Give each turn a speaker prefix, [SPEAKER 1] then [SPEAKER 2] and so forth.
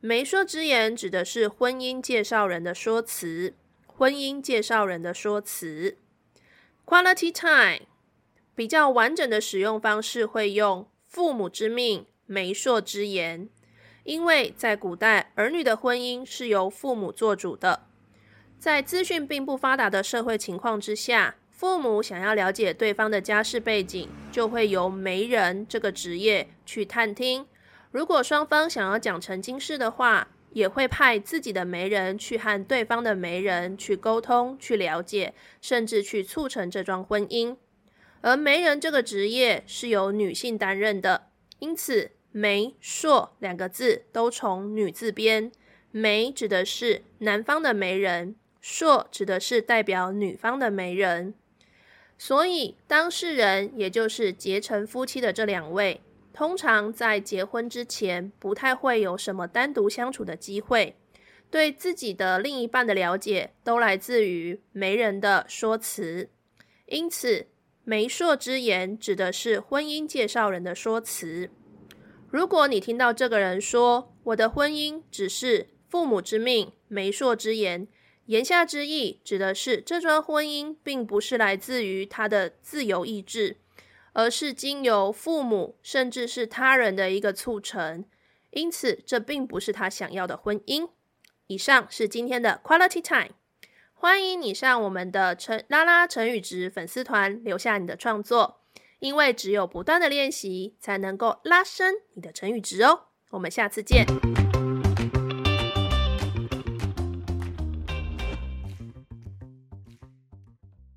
[SPEAKER 1] 媒妁之言指的是婚姻介紹人的說辭。婚姻介紹人的說辭，Quality time 比較完整的使用方式會用父母之命，媒妁之言。因為在古代，兒女的婚姻是由父母做主的。在資訊並不發達的社會情況之下，父母想要了解對方的家世背景，就會由媒人這個職業去探聽。如果雙方想要講成親事的話，也會派自己的媒人去和對方的媒人去溝通、去了解，甚至去促成這樁婚姻。而媒人這個職業是由女性擔任的，因此“媒妁”兩個字都從女字邊。媒指的是男方的媒人，妁指的是代表女方的媒人。所以當事人，也就是結成夫妻的這兩位。通常在結婚之前，不太會有什麼單獨相處的機會，對自己的另一半的了解都來自於媒人的說辭，因此媒妁之言指的是婚姻介紹人的說辭。如果你聽到這個人說：“我的婚姻只是父母之命，媒妁之言”，言下之意指的是這樁婚姻並不是來自於他的自由意志。而是經由父母，甚至是他人的一個促成，因此這並不是他想要的婚姻。以上是今天的 Quality Time，歡迎你上我們的陳拉拉成語質粉絲團留下你的創作，因為只有不斷的練習才能夠拉升你的成語質哦。我們下次見。